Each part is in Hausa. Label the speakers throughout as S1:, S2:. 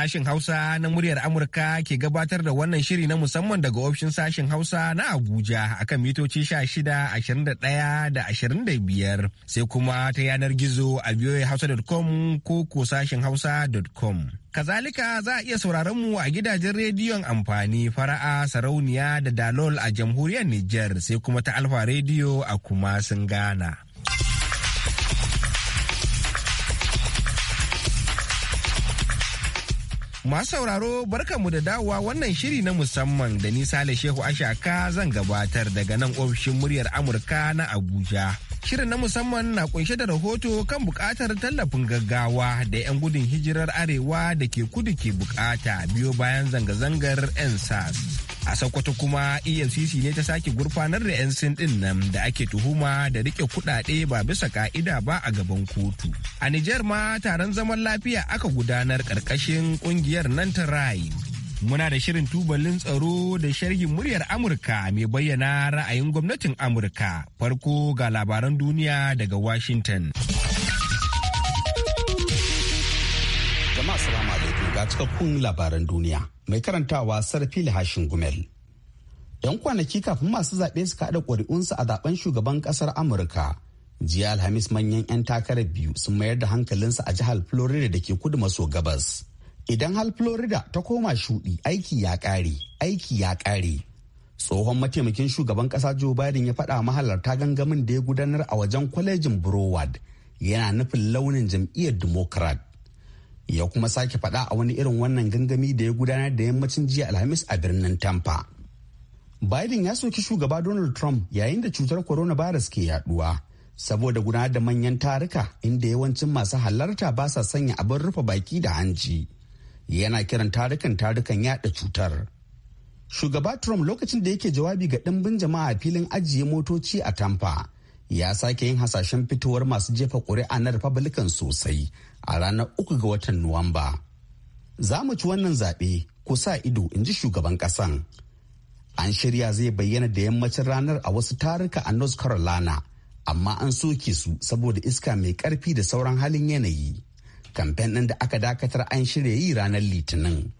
S1: Sashen Hausa na muryar Amurka ke gabatar da wannan shiri na musamman daga ofishin sashen Hausa na Abuja akan mitoci 16, da 25 sai kuma ta yanar gizo a voahausa.com ko ko sashen hausa.com. Kazalika za a iya sauraron mu a gidajen rediyon amfani fara'a sarauniya da dalol a jamhuriyar Nijar sai kuma ta Alfa rediyo a kuma sun Ghana. Masu sauraro barkanmu da dawowa wannan shiri na musamman da nisa da Shehu Ashaka zan gabatar daga nan ofishin muryar Amurka na Abuja. Shirin na musamman na kunshe da rahoto kan bukatar tallafin gaggawa da 'yan gudun hijirar arewa da ke kudu ke bukata biyo bayan zanga-zangar 'yan sas. a sokoto kuma efcc ne ta sake gurfanar da 'yan sin din nan da ake tuhuma da rike kudade ba bisa ka'ida ba a gaban kotu a nijar ma taron zaman lafiya aka gudanar karkashin kungiyar nan ta rai muna da shirin tubalin tsaro da sharhin muryar amurka mai bayyana ra'ayin gwamnatin amurka farko ga labaran duniya daga washington
S2: cikakkun labaran duniya mai karantawa fili hashin gumel. 'Yan kwanaki kafin masu zaɓe su kaɗa ƙuri'unsu a zaben shugaban ƙasar Amurka. Jiya Alhamis manyan 'yan takarar biyu sun mayar da hankalinsu a jihar Florida da ke kudu maso gabas. Idan hal Florida ta koma shuɗi aiki ya ƙare, aiki ya ƙare. tsohon mataimakin shugaban ƙasa Joe Biden ya faɗa mahalarta gangamin da ya gudanar a wajen kwalejin Broward yana nufin launin jam'iyyar Democrat. ya kuma sake faɗa a wani irin wannan gangami da ya gudanar da yammacin jiya alhamis a birnin tampa biden ya soki shugaba donald trump yayin da cutar coronavirus ke yaduwa saboda gudanar da manyan taruka inda yawancin masu halarta ba sa sanya abin rufe baki da hanci yana kiran tarukan tarukan yada cutar shugaba trump lokacin da yake jawabi ga ɗimbin jama'a filin ajiye motoci a tampa ya sake yin hasashen fitowar masu jefa ƙuri'a na republican sosai a ranar uku ga watan nuwamba za mu ci wannan zaɓe ku sa ido in ji shugaban ƙasan an shirya zai bayyana da yammacin ranar a wasu taruka a north carolina amma an soke su saboda iska mai ƙarfi da sauran halin yanayi kamfen ɗin da aka dakatar an shirya yi ranar litinin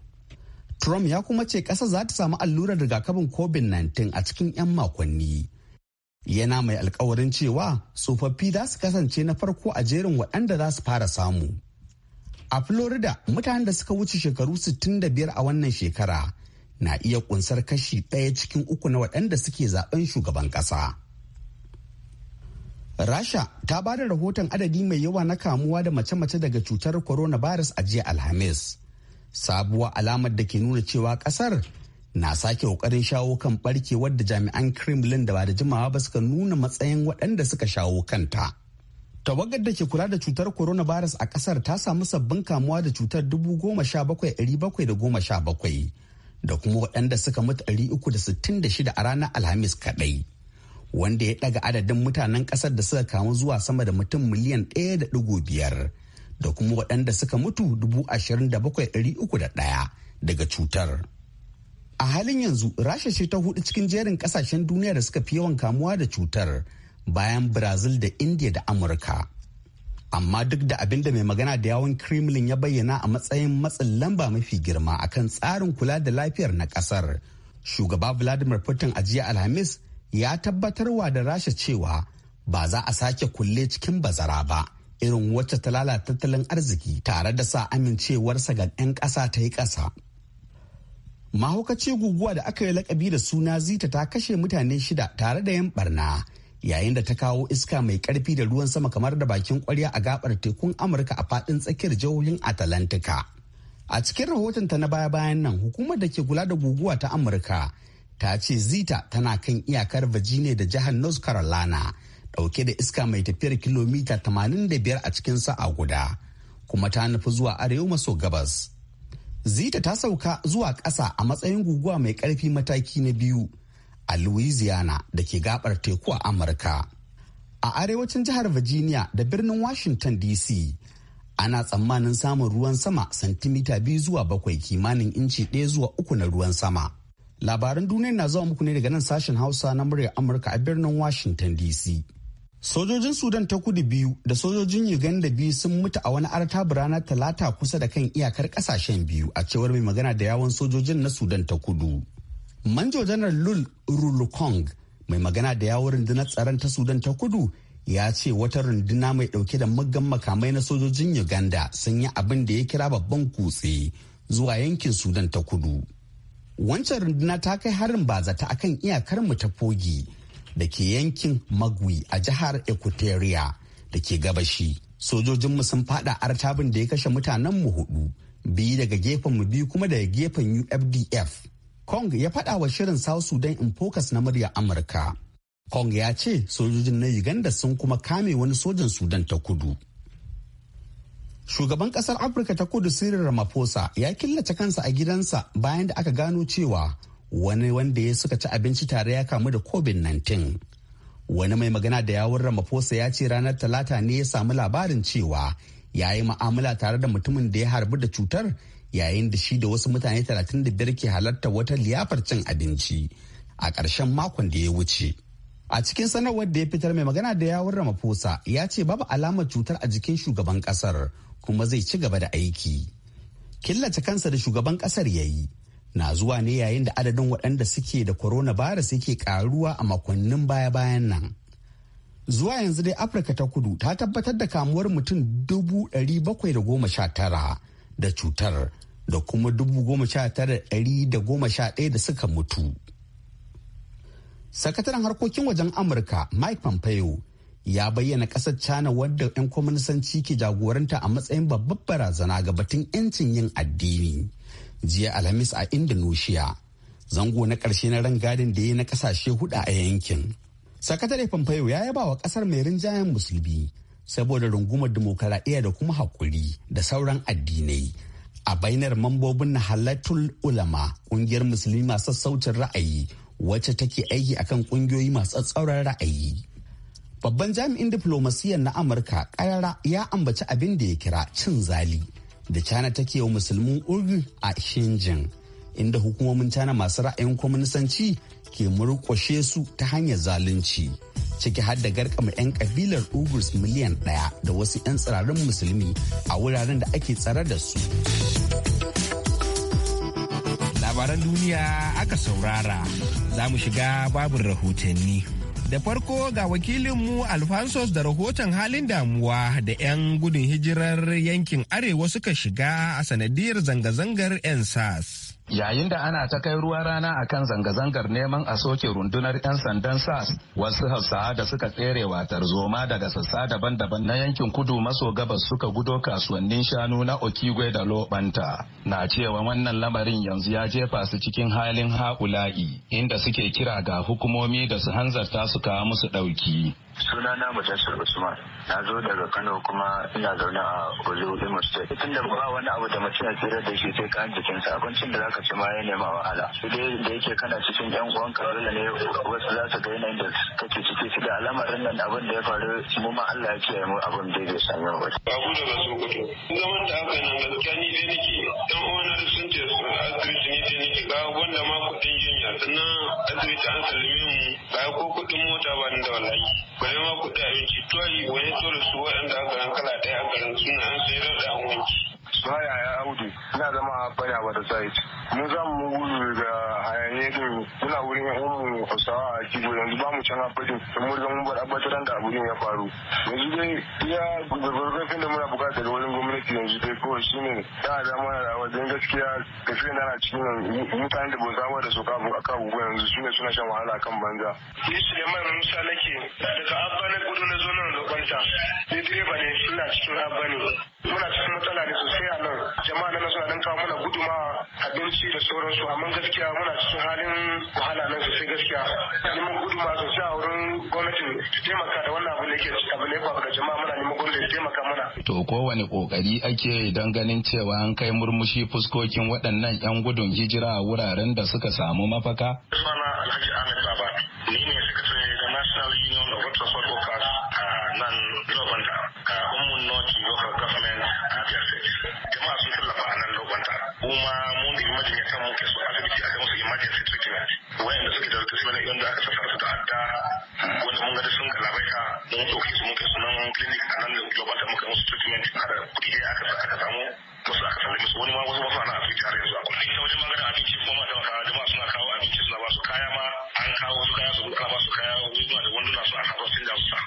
S2: trump ya kuma ce ƙasa za ta samu allurar rigakafin covid-19 a cikin 'yan makonni yana mai alkawarin cewa tsofaffi za su kasance na farko a jerin waɗanda za su fara samu a florida mutanen da suka wuce shekaru 65 a wannan shekara na iya kunsar kashi ɗaya cikin uku na waɗanda suke zaben shugaban ƙasa rasha ta ba da rahoton adadi mai yawa na kamuwa da mace-mace daga cutar coronavirus a jiya alhamis sabuwa alamar da ke nuna cewa ƙasar na sake kokarin shawo kan barke da jami'an kremlin da ba da jimawa ba suka nuna matsayin waɗanda suka shawo kanta tawagar da ke kula da cutar coronavirus a ƙasar ta samu sabbin kamuwa da cutar dubu 17,717 da kuma waɗanda suka mutu da shida a ranar alhamis kaɗai wanda ya ɗaga adadin mutanen ƙasar da suka kamu zuwa sama da mutum miliyan ɗaya da biyar. Da kuma waɗanda suka mutu da ɗaya daga cutar. a halin yanzu rasha ce ta hudu cikin jerin kasashen duniya da suka fi yawan kamuwa da cutar bayan brazil da india da amurka amma duk da abin da mai magana da yawon kremlin ya bayyana a matsayin matsin lamba mafi girma akan tsarin kula da lafiyar na kasar shugaba vladimir putin a jiya alhamis ya tabbatarwa da rasha cewa ba za a sake kulle cikin bazara ba irin wacce ta lalata tattalin arziki tare da sa amincewarsa ga 'yan ƙasa ta yi ƙasa mahaukaci guguwa da aka yi lakabi da suna zita ta kashe mutane shida tare da yan barna yayin da ta kawo iska mai karfi da ruwan sama kamar da bakin kwarya a gabar tekun amurka a fadin tsakiyar jihohin atalantika a cikin rahotonta na baya-bayan nan hukumar da ke kula da guguwa ta amurka ta ce zita tana kan iyakar virginia da jihar north carolina dauke da iska mai tafiyar kilomita 85 a cikin sa'a guda kuma ta nufi zuwa arewa maso gabas zita ta sauka zuwa ƙasa a matsayin guguwa mai ƙarfi mataki na biyu a louisiana da ke gabar teku a amurka a arewacin jihar virginia da birnin washington dc ana tsammanin samun ruwan sama santimita biyu zuwa bakwai kimanin inci ɗaya zuwa uku na ruwan sama labaran duniya na zuwa muku ne daga nan sashen hausa na muryar amurka a birnin washington dc Sojojin Sudan ta kudu biyu da sojojin Uganda biyu sun mutu a wani artabu ranar talata kusa da kan iyakar kasashen biyu a cewar mai magana da yawon sojojin na Sudan ta kudu. Manjo janar Lul Rulukong mai magana da yawon rundunar tsaron ta Sudan ta kudu ya ce wata runduna mai dauke da muggan makamai na sojojin Uganda sun yi abin da ya kira babban kutse zuwa yankin Sudan ta kudu. Wancan runduna ta kai harin bazata akan iyakar mu ta fogi. da ke yankin magwi a jihar equatoria da ke gabashi mu sun fada artabin da ya kashe mutanen mu hudu biyu daga gefen mu biyu kuma daga gefen ufdf kong ya fada wa shirin south sudan in focus na murya amurka kong ya ce sojojin na uganda sun kuma kame wani sojan sudan ta kudu shugaban kasar afirka ta kudu cyril ramaphosa ya killace kansa a gidansa bayan da aka gano cewa wani wanda ya suka ci abinci tare ya kamu da covid-19 wani mai magana da yawun ramaphosa ya ce ranar talata ne ya samu labarin cewa ya yi ma'amala tare da mutumin da ya harbi da cutar yayin da shi da wasu mutane 35 ke halarta wata liyafar cin abinci a ƙarshen makon da ya wuce a cikin sanarwar da ya fitar mai magana da rama ramaphosa ya ce babu alamar cutar a jikin shugaban kasar. kuma zai ci gaba da aiki killace kansa da shugaban kasar ya yi na zuwa ne yayin da adadin waɗanda suke da coronavirus yake karuwa a makonnin baya-bayan nan. Zuwa yanzu dai Afirka ta kudu ta tabbatar da kamuwar mutum dubu ɗari bakwai da goma sha tara da cutar da kuma dubu goma sha tara ɗari da goma sha ɗaya da suka mutu. Sakataren harkokin wajen Amurka Mike Pompeo ya bayyana ƙasar China wadda 'yan kwaminisanci ke jagoranta a matsayin babbar barazana ga batun 'yancin yin addini. jiya alhamis a indonesia zango na ƙarshe na rangadin da ya na ƙasashe hudu a yankin sakatare pompeo ya yaba wa ƙasar mai rinjayen musulmi saboda rungumar dimokuraɗiyya da kuma haƙuri da sauran addinai a bainar mambobin na halattun ulama ƙungiyar musulmi masu sautin ra'ayi wacce take aiki akan ƙungiyoyi masu tsauran ra'ayi babban jami'in diplomasiyyar na amurka ƙarara ya ambaci abin da ya kira cin zali da china take wa musulmin uyghur a xinjiang inda hukumomin china masu ra'ayin kwaminisanci ke murƙushe su ta hanyar zalunci ciki har da garkama 'yan kabilar uyghurs miliyan ɗaya da wasu 'yan tsirarin musulmi a wuraren da ake tsare da su
S1: labaran duniya aka saurara za mu shiga babin rahotanni Da farko ga wakilinmu alfansos da rahoton halin damuwa da 'yan gudun hijirar yankin Arewa suka shiga a sanadiyar zanga-zangar 'yan SAS.
S3: yayin da ana ta kai ruwa rana a kan zanga-zangar neman a soke rundunar 'yan sandan sas
S4: wasu hausawa da suka tserewa tarzoma daga
S3: sassa daban-daban na yankin kudu maso gabas suka gudo kasuwannin shanu na okigwe da lobanta na cewa wannan lamarin yanzu ya jefa su cikin halin haƙula'i inda suke kira ga hukumomi da su hanzarta su
S4: kawo musu ɗauki
S5: suna na mutasar usman na zo daga kano kuma ina zaune a olu imo state tun da ba wani abu da mutum ya tsira da shi sai ka jikinsa abincin da zaka ci ma ya nema wahala su dai da yake kana cikin yan uwanka dole ne wasu za su ga yanayin da kake ciki su da al'amarin nan abin da ya faru mu ma Allah ya kiyaye mu abin da bai sami wa wata. Abu daga Sokoto. Zaman da aka yi nan gaskiya ni dai nake ɗan uwana sun ce asibiti ni dai nake ga wanda ma kuɗin jinya sannan
S6: asibiti an sallame mu ga ko kuɗin mota ba ni da wallahi. na ma kuɗi abinci yi wani da su waɗanda a garin kala ɗaya a garin suna an sayar da an wanki. suna ya
S3: audu ina zama a bana wata site mun za mu gudu da din muna wurin yan kusawa a kibo yanzu ba mu can abadin don mun mun bar abbataran da abin ya faru yanzu dai iya gurgurgurfin da muna bukatar da wurin gwamnati yanzu dai kawai shi ne da a zama da wajen gaskiya tafiyan da na cikin mutane da ba zama da su kafin aka gugu yanzu su ne suna shan wahala kan banza. ni suleiman musa nake daga abba na gudu na zo nan da kwanta ni direba ne suna cikin abba ne. muna cikin matsala ne sosai a nan jama'a na suna nan kawo mana a abinci da sauransu amma gaskiya muna cikin halin wahala nan sosai gaskiya neman guduma sosai a wurin gwamnatin ta taimaka da wannan abu da yake abu ne ba jama'a muna neman gwamnati taimaka mana. to kowane kokari ake don ganin cewa an kai murmushi fuskokin waɗannan 'yan gudun hijira
S1: a wuraren da suka samu mafaka. Sana Alhaji Ahmed
S7: wayanda suke da wani wanda aka sassa su ta'adda wanda mun gani sun galabaita mun ɗauke su mun kai sunan clinic a nan da global da muka musu treatment har kuɗi da aka aka samu wasu aka sallame su wani ma wasu wasu ana asibiti har yanzu a kullum ta wajen maganin abinci kuma ma taimaka jama'a suna kawo abinci suna ba su kaya ma an kawo su kaya su ana ba su kaya wani da wunduna su ana ba su sun da su sa.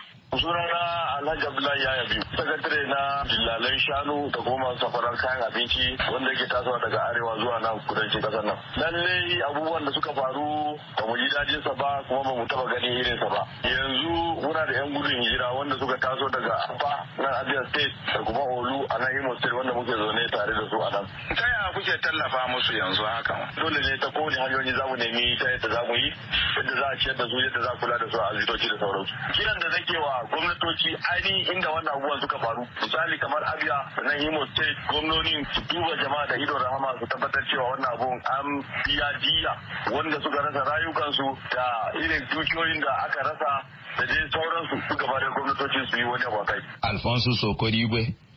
S7: sunana alhaji abdullahi ya yabi sakatare na
S3: dillalan shanu da kuma safarar kayan abinci wanda yake tasowa daga arewa zuwa nan kudancin kasar nan
S7: lallai abubuwan da suka faru ba mu ji dajin sa ba kuma ba mu taba ganin irin sa ba yanzu muna da yan gudun hijira wanda suka taso daga afa na Abia State da kuma Olu a nan Imo State wanda muke zaune tare da su a nan ta yaya kuke tallafa musu yanzu haka dole ne ta kowane hanyoyi za mu nemi ta yadda za mu yi yadda za a ciyar da su yadda za a kula da su a asibitoci da sauransu kiran da nake wa gwamnatoci ainihin inda wannan abubuwan suka faru misali kamar abia sannan Himo state gwamnonin su duba jama'a da ido rahama su tabbatar cewa wannan abun an biya jiya wanda suka rasa rayukansu da irin dukiyoyin
S1: da aka rasa da dai sauransu su gaba da gwamnatocin su yi wani abu kai. Alfonso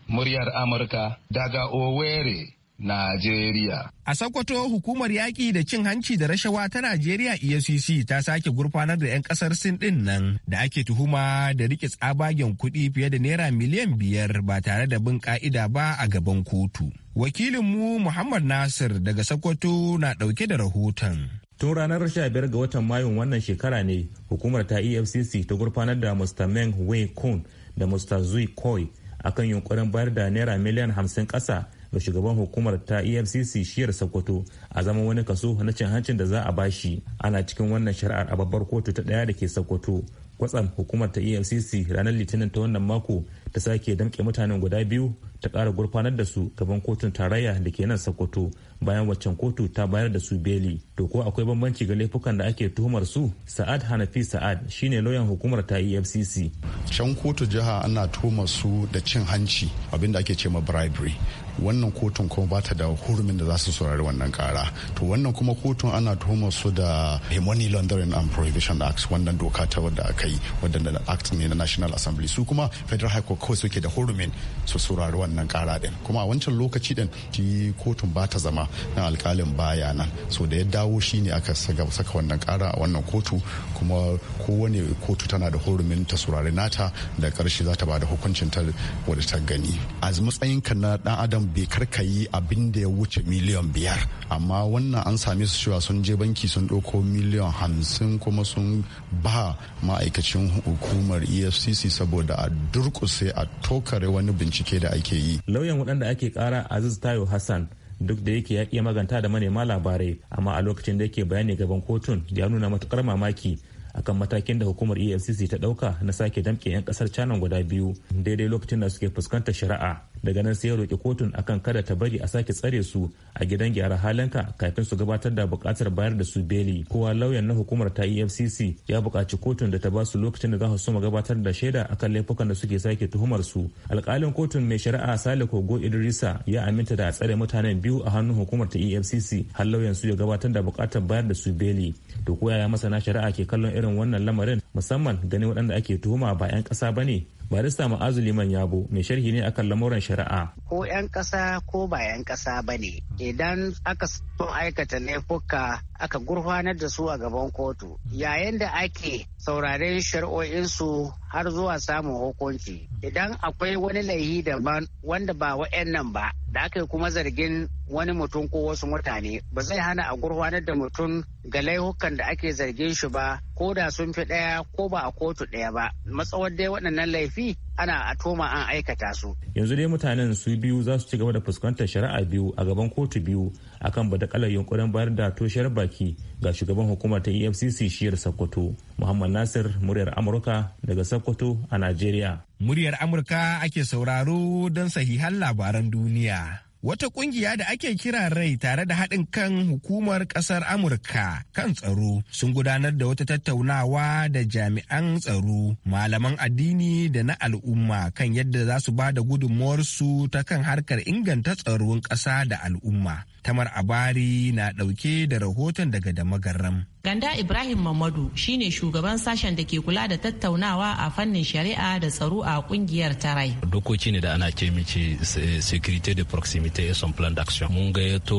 S1: muryar Amurka daga Owerri, Najeriya. A Sokoto hukumar yaƙi da cin hanci da rashawa ta Najeriya EFCC ta sake gurfanar da 'yan ƙasar Sin ɗin nan da ake tuhuma da rike tsabagen kuɗi fiye da naira miliyan biyar ba tare da bin ƙa'ida ba a gaban kotu. Wakilinmu Muhammad Nasir daga Sokoto na
S5: ɗauke da rahoton. Tun ranar 15 ga watan Mayun wannan shekara ne hukumar ta EFCC ta gurfanar da Mr. Meng Wei Kun da Mr. Zui Koi akan yunkurin bayar da naira miliyan hamsin ƙasa ga shugaban hukumar ta efcc shiyar sokoto a zama wani kaso na cin hancin da za a bashi ana cikin wannan shari'ar a babbar kotu ta daya da ke sokoto kwatsam hukumar ta efcc ranar litinin ta wannan mako ta sake damke mutanen guda biyu ta ƙara gurfanar da su gaban kotun tarayya da ke nan sokoto bayan waccan kotu ta bayar da su beli to ko akwai bambanci ga laifukan da ake tuhumar su sa'ad hanafi sa'ad shine lauyan hukumar ta efcc can kotu jiha ana tuhumar su da cin hanci abinda
S7: ake ce ma bribery wannan kotun kuma bata da hurumin da za su saurari wannan kara to wannan kuma kotun ana tuhumar su da money laundering and prohibition act wannan doka ta wadda aka yi wadda act ne na national assembly su kuma federal high court kawai suke da hurumin su saurari wannan kara din kuma a wancan lokaci din kotun bata zama na alkalin baya nan so da ya dawo shi ne aka saka wannan kara a wannan kotu kuma kowane kotu tana da horumin ta surare nata da karshe za ta ba da hukuncin ta wadda ta gani a matsayin ka na dan adam bai karkayi abin da ya wuce miliyan biyar amma wannan an same su cewa sun je banki sun ɗauko miliyan hamsin kuma sun ba ma'aikacin hukumar efcc saboda a durkuse a tokare wani bincike da ake
S5: yi lauyan waɗanda ake kara aziz tayo hassan duk da yake ya iya maganta da manema labarai amma a lokacin da yake bayani gaban kotun ya nuna matukar mamaki akan matakin da hukumar efcc ta dauka na sake damke 'yan kasar china guda biyu daidai lokacin da suke fuskantar shari'a daga nan sai ya roƙi kotun akan kada ta bari a sake tsare su a gidan gyara halinka kafin su gabatar da buƙatar bayar da su beli kowa lauyan na hukumar ta efcc ya buƙaci kotun da ta ba su lokacin da za su soma gabatar da shaida akan laifukan da suke sake tuhumar su alƙalin kotun mai shari'a sale kogo idrisa ya aminta da a tsare mutanen biyu a hannun hukumar ta efcc har lauyan su ya gabatar da buƙatar bayar da su beli to ko yaya masana shari'a ke kallon irin wannan lamarin musamman ganin waɗanda ake tuhuma ba 'yan ƙasa ba ne barista ma'azu liman yabo mai sharhi ne akan lamuran shari'a
S3: ko 'yan ƙasa ko ba 'yan ƙasa ba ne idan aka aikata laifuka aka gurfanar da su a gaban kotu yayin da ake Sauraren shari'o'insu har zuwa samun hukunci idan akwai wani laihi daban wanda ba wa'annan ba da aka kuma zargin wani mutum ko wasu mutane ba zai hana a gurfanar da mutum ga laihukan da ake zargin shi ba ko da sun fi ɗaya ko ba a kotu ɗaya ba matsawar dai waɗannan laifi ana a toma an aikata su.
S5: Yanzu dai mutanen su biyu za su ci gaba da fuskantar shari'a biyu a gaban kotu biyu akan badakalar yunkurin bayar da toshiyar baki ga shugaban hukumar ta EFCC shiyar Sokoto. Muhammad Nasir muryar Amurka daga Sokoto a Najeriya.
S1: Muryar Amurka ake sauraro don sahihan labaran duniya. wata kungiya da ake kira rai tare da haɗin kan hukumar ƙasar amurka kan tsaro sun gudanar da wata tattaunawa da jami'an tsaro malaman addini da na al'umma kan yadda za su ba da gudunmuwarsu ta kan harkar inganta tsaron ƙasa da al'umma Tamar Abari na ɗauke da rahoton daga Damagaram.
S8: Ganda Ibrahim Mamadu shine shugaban sashen da ke kula da tattaunawa a fannin shari'a da tsaro a kungiyar tarai.
S4: Dokoki ne da ana ce mici security de proximité et son plan d'action. Mun gayyato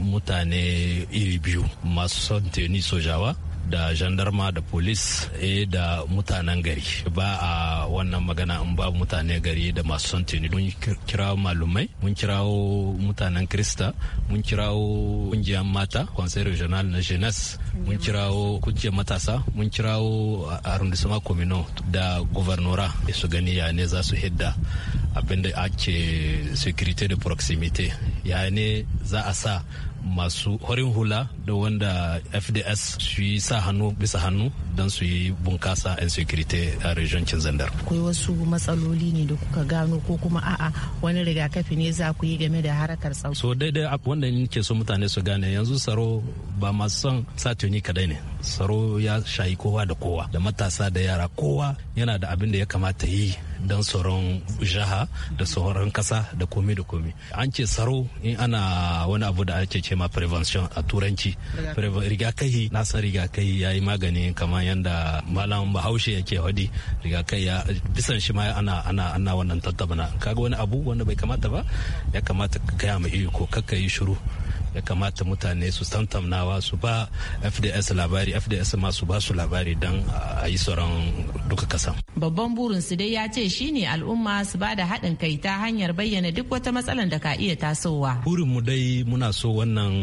S4: mutane iri biyu masu son teni sojawa da gendarma da polis e eh, da mutanen gari ba a wannan magana in ba mutane gari da masu son mun kirawo malumai mun kirawo mutanen krista mun kirawo kungiyar mata conseil regional na jeunesse mun kirawo kungiyar matasa mun kirawo arrondissement komino da gouvernorat su gani ya ne za su hidda abinda ake security de proximity ya ne za a sa masu horin hula da wanda fds su yi sa hannu bisa hannu don su yi bunkasa yan a region zandar
S8: akwai wasu matsaloli ne da kuka gano ko kuma a'a wani rigakafi ne za ku yi game da harakar tsaro so
S4: daidai wanda ke so mutane su gane yanzu tsaro ba masu son satuni kadai ne tsaro ya shayi kowa da kowa da matasa da yara kowa yana da abin da ya kamata yi Dan tsaron jiha da tsoron kasa da komi da komi an ce tsaro in ana wani abu da ake ce ma prevention a turanci rigakahi na san rigakahi ya yi magani kamar yadda malam bahaushe yake hadi rigakahi ya bisan shi ma ana ana ana wannan tattabana kaga wani abu wanda bai kamata ba ya kamata ka kai ma iko kakka yi shiru ya kamata mutane su tantamnawa su ba fds labari fds ma su ba su labari don a yi sauran duka kasan
S8: babban burin su dai ya ce shine al'umma su ba da haɗin kai ta hanyar bayyana duk wata matsalar da ka iya tasowa
S4: burin mu dai muna so wannan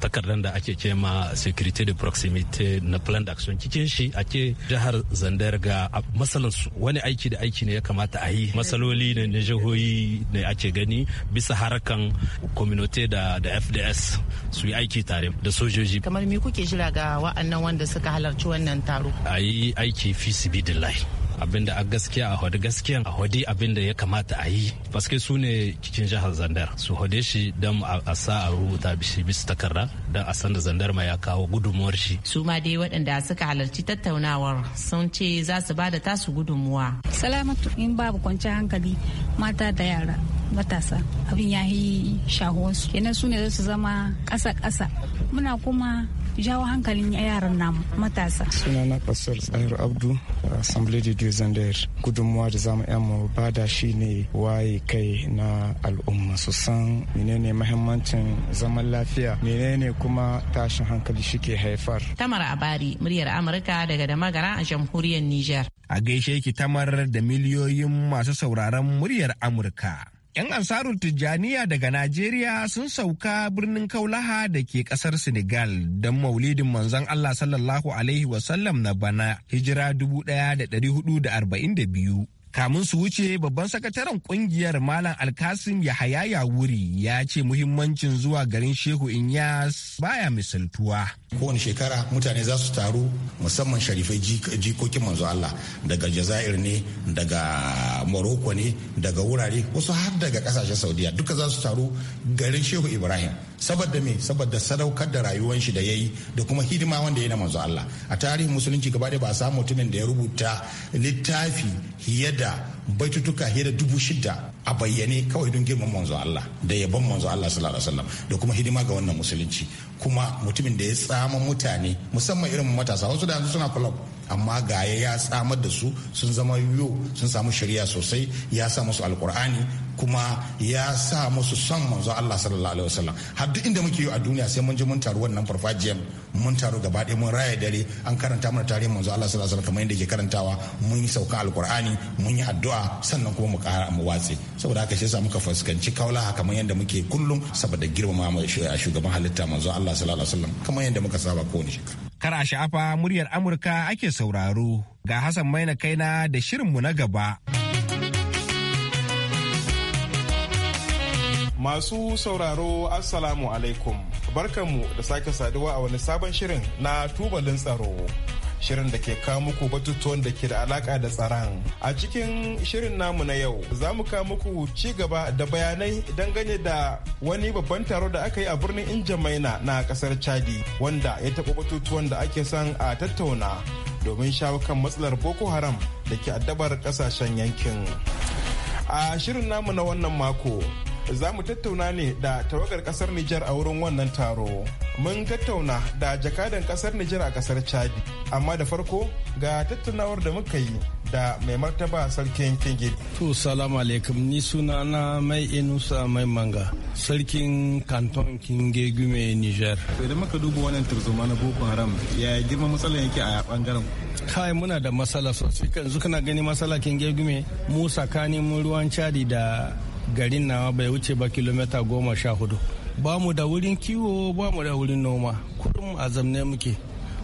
S4: takardar da ake ce ma security de proximity na plan d'action cikin shi a ce. jihar zandar ga matsalar su wani aiki da aiki ne ya kamata a yi matsaloli ne na jihohi ne ake gani bisa harkan community da fds su yi aiki tare da sojoji
S8: kamar me kuke jira ga wa'annan wanda suka halarci wannan taro
S4: a yi aiki fi sibidillahi abinda a gaskiya a hodi gaskiya a hodi abinda ya kamata a yi paske su ne cikin jihar zandar su hode shi don a sa a rubuta shi bisu takarda don a san da zandar ma ya kawo gudunmuwar shi su
S8: ma dai waɗanda suka halarci tattaunawar sun ce za su ba da tasu gudunmuwa salamatu in babu kwanciyar hankali mata da yara
S1: matasa abin ya yi shahuwarsu kenan su ne za su zama ƙasa-ƙasa muna kuma jawo hankalin yaran namu matasa.
S8: Sunana Pastor tsayar Abdu, Assembly de Dieu Zander. Gudunmuwa da zamu yan mu bada shi ne waye kai na al'umma su san menene mahimmancin zaman lafiya, menene kuma tashin hankali shike haifar. Tamar Abari, muryar Amurka daga da magara a jamhuriyar niger.
S1: A gaishe ki tamar da miliyoyin masu sauraron muryar Amurka. 'Yan ansarun Tijjaniya daga Najeriya sun sauka birnin Kaulaha da ke kasar Senegal don maulidin manzon Allah sallallahu Alaihi wasallam na bana hijira 1442. kamun su wuce babban sakataren kungiyar malam alkasim yahaya wuri ya ce muhimmancin zuwa garin shehu inyas baya misaltuwa kowane shekara
S7: mutane za su taru musamman sharifai jikokin manzo allah daga jazair ne daga morocco ne daga wurare wasu har daga kasashen saudiya duka za su taru garin shehu ibrahim saboda me saboda sadaukar da rayuwar shi da yayi da kuma hidima wanda yayi na manzo Allah a tarihin musulunci gaba da ba a samu mutumin da ya rubuta littafi fiye da baitutuka fiye da dubu shida a bayyane kawai don girman manzo Allah da yabon manzo Allah sallallahu alaihi wasallam da kuma hidima ga wannan musulunci kuma mutumin da ya tsama mutane musamman irin matasa wasu da yanzu suna club amma ga ya tsamar da su sun zama yiwu sun samu shari'a sosai ya sa musu alkur'ani kuma ya sa musu son manzo Allah sallallahu alaihi wasallam har duk inda muke yi a duniya sai mun je mun taru wannan farfajiyar mun taru gaba ɗaya mun raya dare an karanta mana tarihin manzo Allah sallallahu alaihi wasallam kamar yadda ke karantawa mun yi sauka alqur'ani mun yi addu'a sannan kuma mu kara mu watse saboda haka shi yasa muka fuskanci kaula kamar yadda muke kullum saboda girmama a shugaban halitta manzo Allah sallallahu alaihi wasallam kamar yadda muka saba kowane shekara
S1: kar a sha'afa muryar Amurka ake sauraro ga Hassan Maina
S8: kaina da shirin mu na gaba. Masu sauraro Assalamu alaikum barkanmu da sake saduwa a wani sabon shirin na tubalin tsaro. Shirin da ke kawo muku batutuwan da ke da alaka da tsaron. A cikin shirin namu na yau za mu kawo muku ci gaba da bayanai dangane da wani babban taro da aka yi a birnin Injamaina na kasar Chadi wanda ya taɓa batutuwan da ake son a tattauna domin shawo kan matsalar Boko Haram da ke addabar ƙasashen yankin. A shirin namu na wannan mako za mu tattauna ne da tawagar kasar Nijar a wurin wannan taro. Mun tattauna da jakadan kasar Nijar a kasar Chadi, amma da farko ga tattaunawar da muka yi da mai martaba sarkin Kingid.
S3: To, salamu alaikum, ni suna na mai inusa mai manga, sarkin kanton Kinge Gume Nijar. Idan muka duba wannan turzuma na Boko Haram, ya girma matsalar yake a bangaren? Kai muna da matsala sosai, yanzu kana gani matsala Kinge Gume, mu tsakanin ruwan Chadi da garin nawa bai wuce ba kilomita goma sha hudu ba mu da wurin kiwo ba mu da wurin noma kurum a zamne muke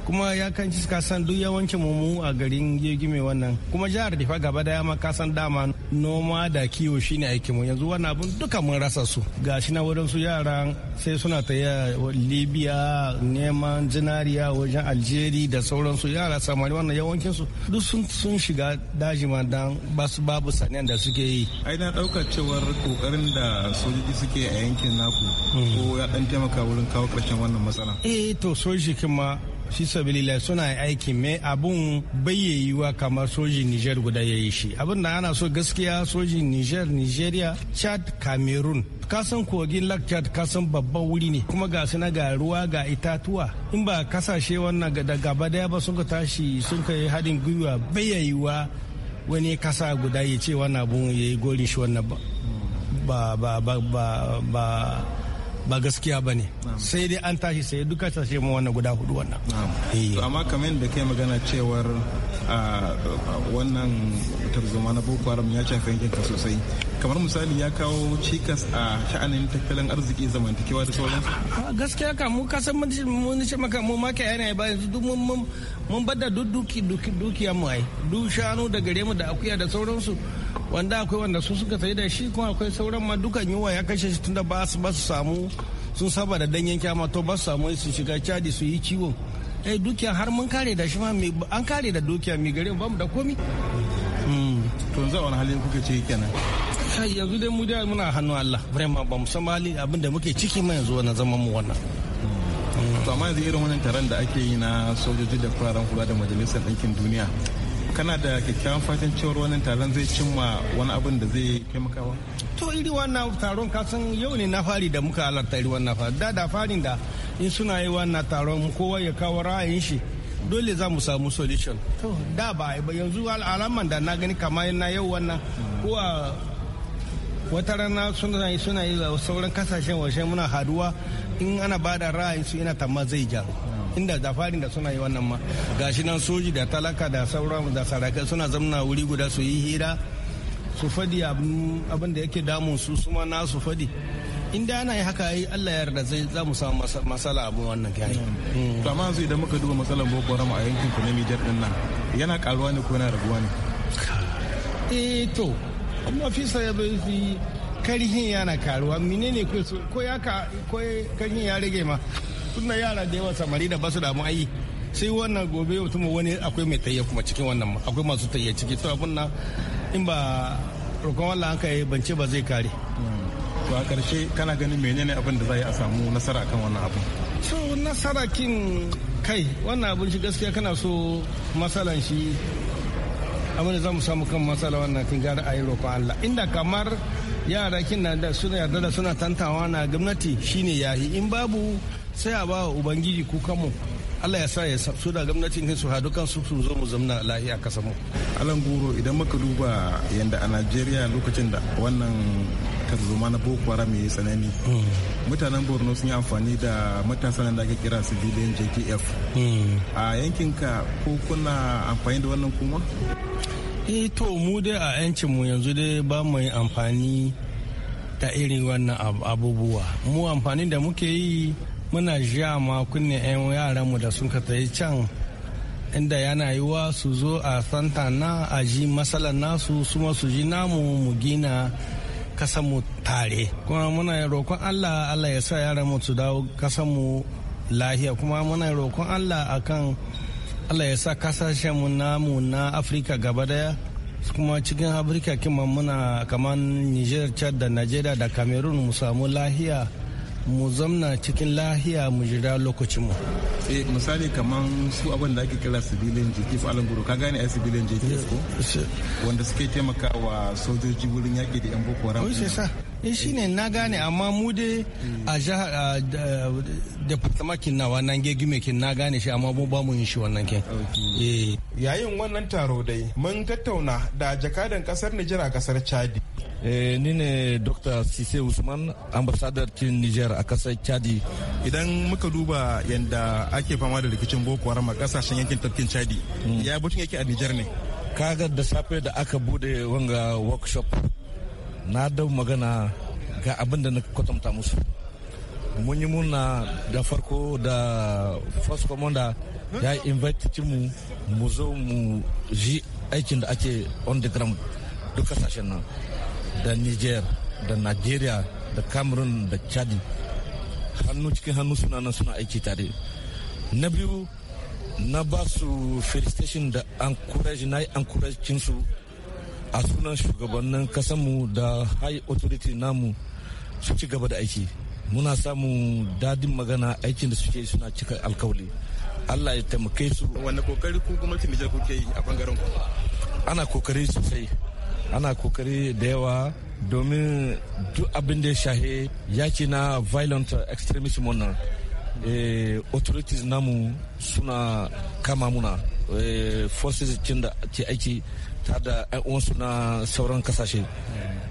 S3: kuma ya kan ci kasan duk yawancin mu a garin mai wannan kuma jihar difa gaba daya ma kasan dama noma da kiwo shine aikin mu yanzu wannan abun duka mun rasa su gashi na wurin su yara sai suna ta libya neman jinariya wajen aljeri da sauransu yara samari wannan yawancin su duk sun sun shiga daji ma dan basu babu saniyan da suke yi
S8: ai na daukar cewar
S3: kokarin da
S8: sojoji suke a yankin naku hmm. ko ya dan taimaka wurin kawo karshen wannan matsala
S3: eh to sojoji kuma shi sabilillah suna aikin mai abun bayyayiwa kamar sojin niger guda ya yi shi abin da ana so gaskiya sojin niger nigeria chad cameroon kasan kogin lake chad kasan babban wuri ne kuma ga suna ga ruwa ga itatuwa in ba kasashe wannan da gaba daya ba sun ka tashi sun ka haɗin gwiwa bayyayiwa wani kasa guda ya ce wannan abun ya yi gori shi wannan ba ba gaskiya ba ne sai dai an tashi sai duka tashe mu wannan guda hudu wannan
S8: eh. amma kamar da kai magana cewar ah, wannan tarzoma na boko haram ya shafi yankin sosai kamar misali ya kawo cikas a sha'anin tattalin arziki zamantakewa da sauransu
S3: gaskiya ka mu kasan mun ce maka mu maka yana ba yanzu duk mun mun bada duk duki dukiya mu ai duk shanu da gare mu da akuya da sauransu wanda akwai wanda su suka sayi da shi kuma akwai sauran ma dukan yunwa ya kashe shi tunda ba su ba su samu sun saba da danyen kyama to ba su samu su shiga cadi su yi ciwon eh dukiya har mun kare da shi ma an kare da dukiya mai gare ba mu da komi to yanzu a wani hali kuka ce kenan kai yanzu dai mu dai muna hannu Allah vraiment ba mu san mali abin da muke ciki ma yanzu wannan zaman mu wannan hmm. to amma yanzu
S8: irin wannan taron da ake yi na sojoji da fararen kula da majalisar ɗinkin duniya kana da kyakkyawan fatan cewar wannan taron zai cimma wani abin da zai taimakawa
S3: to iri wannan taron kasan yau ne na fari da muka halarta iri wannan fari da da farin da in suna yi wannan taron kowa ya kawo ra'ayin shi dole za mu samu solution to da ba yanzu al'amman da na gani kamar na yau wannan kowa wata rana suna yi suna yi sauran kasashen washe muna haduwa in ana ba da ra'ayin su ina tamma zai ja. inda da farin da suna yi wannan ma gashi nan soji da talaka da sauran da sarakai suna zamna wuri guda su yi hira su fadi abin da yake damun su suma na su fadi Inda ana yi haka yi Allah ya yarda zai za mu samu masala abin wannan kai
S8: mm. to amma yanzu idan muka duba matsalar boko haram a yankin ku na Niger din nan yana karuwa ne ko yana raguwa ne
S3: eh to amma fisa ya bai fi karihin yana karuwa menene ko ko ya ka ko karhin ya rage ma tunda yara da yawa samari da basu damu ayi sai wannan gobe mutum wani akwai mai tayya kuma cikin wannan akwai masu tayya ciki to abun nan in ba rokon wallahi an kai bance ba zai kare to a karshe kana ganin menene abin da za a samu nasara kan wannan abin so nasara kin kai wannan abin shi gaskiya kana so masalan shi abin da za samu kan matsala wannan kin gari a yi ko Allah inda kamar yara kin na da suna yarda da suna tantawa na gwamnati shine yahi in babu sai a ba ubangiji kukanmu Allah ya sa ya su da gwamnatin su su zo mu zamna lahiya kasamu.
S8: Alan Goro idan muka duba yadda a Najeriya lokacin da wannan tarzoma na boko haram ya yi tsanani hmm. mutanen borno sun yi amfani da matasan da ake kira civilian jkf hmm. a yankin ka ko kuna amfani da wannan kuma
S3: eh to mu dai a yancin mu yanzu dai ba mu yi amfani da irin wannan abubuwa mu amfani da muke yi muna jiya ma kunne 'yan mu da sun ka tayi can inda yana yiwa su zo a santa na a ji matsalar nasu su su ji namu mu gina kasanmu tare kuma muna roƙon allah allah ya sa yaran mu su dawo kasanmu lahiya kuma muna roƙon allah akan allah ya sa kasashenmu namu na afirka gaba daya kuma cikin afirka kima muna kamar niger chad da nigeria da cameroon mu samu lahiya mu zamna cikin lahiya mu jira lokacin mu
S8: eh misali kaman su abin da ake kira civilian JTF guru ka gane ai civilian JTF ko wanda suke taimakawa sojoji wurin yaki da yan boko haram shi
S3: eh, shine na gane amma mu dai a jihar fatamakin na wannan
S8: gegimekin na gane shi amma mu ba mu yin shi wannan ken eh. yayin wannan taro dai mun
S9: tattauna da jakadan kasar nijira a kasar Chadi Eh, ni ne dr sise usman ambassador cin niger a kasar chadi idan muka duba yadda ake fama da rikicin boko haram a kasashen yankin tafkin chadi hmm. ya butun yake a niger ne kaga da safe da aka bude wanga workshop na dau magana ga abin da na kwatanta musu mun yi muna da farko da first commander ya invite mu mu zo mu ji aikin da ake on the ground duk kasashen nan da niger da nigeria da cameroon da chad hannu cikin hannu suna nan suna aiki tare na biyu na ba su felicitation da encourage na yi encourage su a sunan shugabannin kasanmu da high authority namu su ci gaba da aiki muna samun dadin magana aikin da suke suna cika alkawali allah ya taimake su wani kokari ku gwamnatin nijar kuke yi a bangaren ku ana kokari sosai ana kokari da yawa domin duk abin da ya shahe yaki na violent extremism wannan eh, authorities namu suna kama muna eh, forces cin da ke aiki ta da uwansu na sauran kasashe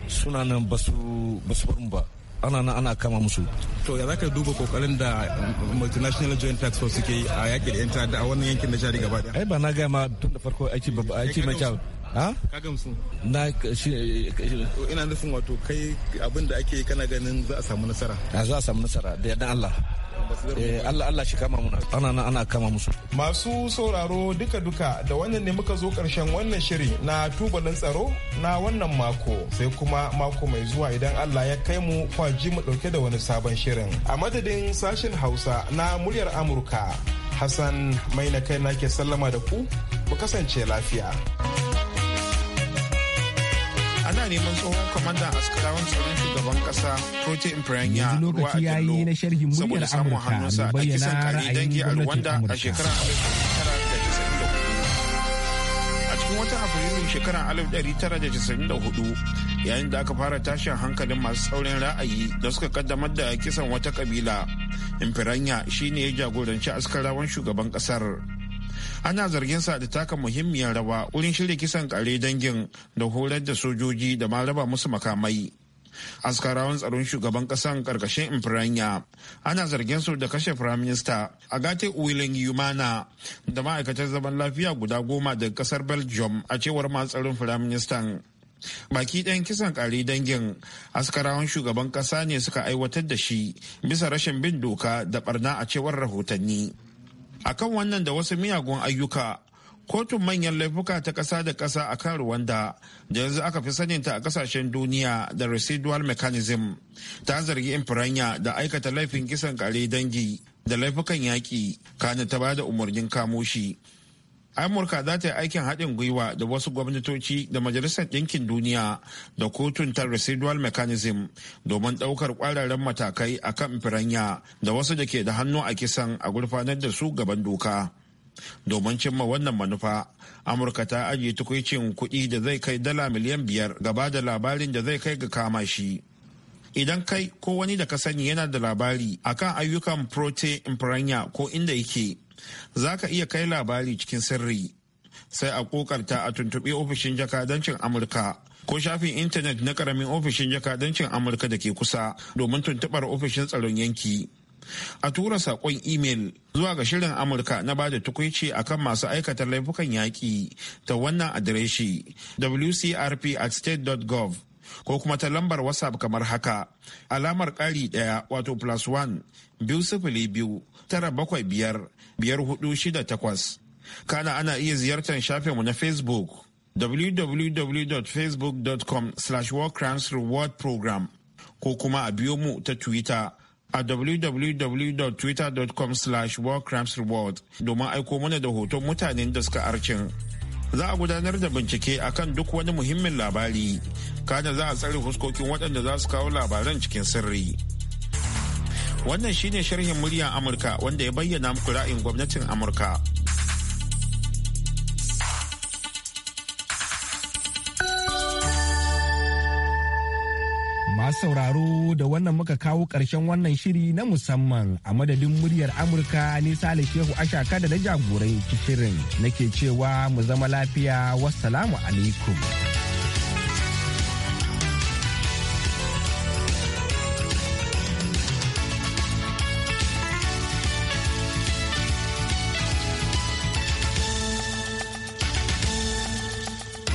S9: suna nan ba su bar mu ba ana nan ana kama musu to ya zaka duba kokarin da multinational joint tax force
S8: suke a yakin yan ta'adda a wannan yankin da shari gaba ai
S9: ba na gaya ma tun da farko aiki aiki mai kyau ha ka gamsu na shi ina nufin wato kai abin da ake kana ganin za a samu nasara a za a samu nasara da yadda Allah eh, Allah Allah shi kama muna
S8: ana nan ana kama musu masu sauraro duka duka da wannan ne muka zo karshen wannan shiri na tubalin tsaro na wannan mako sai kuma mako mai zuwa idan Allah ya kai mu kwaji mu dauke da wani sabon shirin a madadin sashen Hausa na muryar Amurka Hassan mai na kai nake sallama da ku ku kasance lafiya.
S6: ana neman tsohon kwamandan askarawan tsaron shugaban kasa prote impranya ruwa a jallo saboda samun hannunsa a kisan kare dangi a rwanda a shekarar 1994 a cikin watan afrilu shekarar hudu yayin da aka fara tashin hankalin masu tsaurin ra'ayi da suka kaddamar da kisan wata kabila imfiranya shine ya jagoranci askarawan shugaban kasar ana zargin sa da taka muhimmiyar rawa wurin shirya kisan kare dangin da horar da sojoji da ma raba musu makamai askarawan tsaron shugaban kasan karkashin imfiranya ana zargin su da kashe prime firaminista agate willing yumana da ma'aikatar zaman lafiya guda goma daga kasar belgium a cewar prime minister baki ɗayan kisan kare dangin askarawan shugaban ƙasa ne suka aiwatar da shi bisa rashin bin doka da barna a cewar rahotanni akan wannan da wasu miyagun ayyuka kotun manyan laifuka ta ƙasa da ƙasa a kan Rwanda da yanzu aka fi saninta a ƙasashen duniya da residual mechanism ta zargi infiranya da aikata laifin kisan kare dangi da laifukan yaƙi kana ta bada umarnin kamo amurka za ta yi aikin haɗin gwiwa da wasu gwamnatoci da majalisar ɗinkin duniya da kotun ta residual mechanism domin ɗaukar ƙwararren matakai a kan firanya da wasu da ke da hannu a kisan a gurfanar da su gaban doka domin cimma wannan manufa amurka ta ajiye tukwicin kuɗi da zai kai dala miliyan biyar gaba da labarin da zai kai ga kama shi idan kai ko wani da ka sani yana da labari akan ayyukan prote firanya ko inda yake za ka iya kai labari cikin sirri sai a kokarta a tuntuɓi ofishin jakadancin amurka ko shafin intanet na karamin ofishin jakadancin amurka da ke kusa domin tuntuɓar ofishin tsaron yanki a tura saƙon imel zuwa ga shirin amurka na ba da tukuici kan masu aikata laifukan yaƙi ta wannan adireshi wcrp at state.gov ko kuma ta lambar whatsapp kamar haka alamar ƙari ɗaya wato plus one biyu sifili biyu tara bakwai biyar biyar shida takwas. Kana ana iya ziyartar shafinmu na Facebook www.facebook.com slash reward program ko kuma a biyo mu ta Twitter a www.twitter.com slash reward domin aiko mana da hoton mutanen da suka arcin. Za a gudanar da bincike a kan duk wani muhimmin labari, kana za a tsare huskokin waɗanda za su kawo labaran cikin sirri. Wannan shine sharhin muryar Amurka wanda ya bayyana muku ra'ayin gwamnatin Amurka.
S1: Masu sauraro da wannan muka kawo ƙarshen wannan shiri na musamman a madadin muryar Amurka ne Sale Shehu Ashaka da na jagorai shirin nake cewa mu zama lafiya wassalamu
S6: alaikum.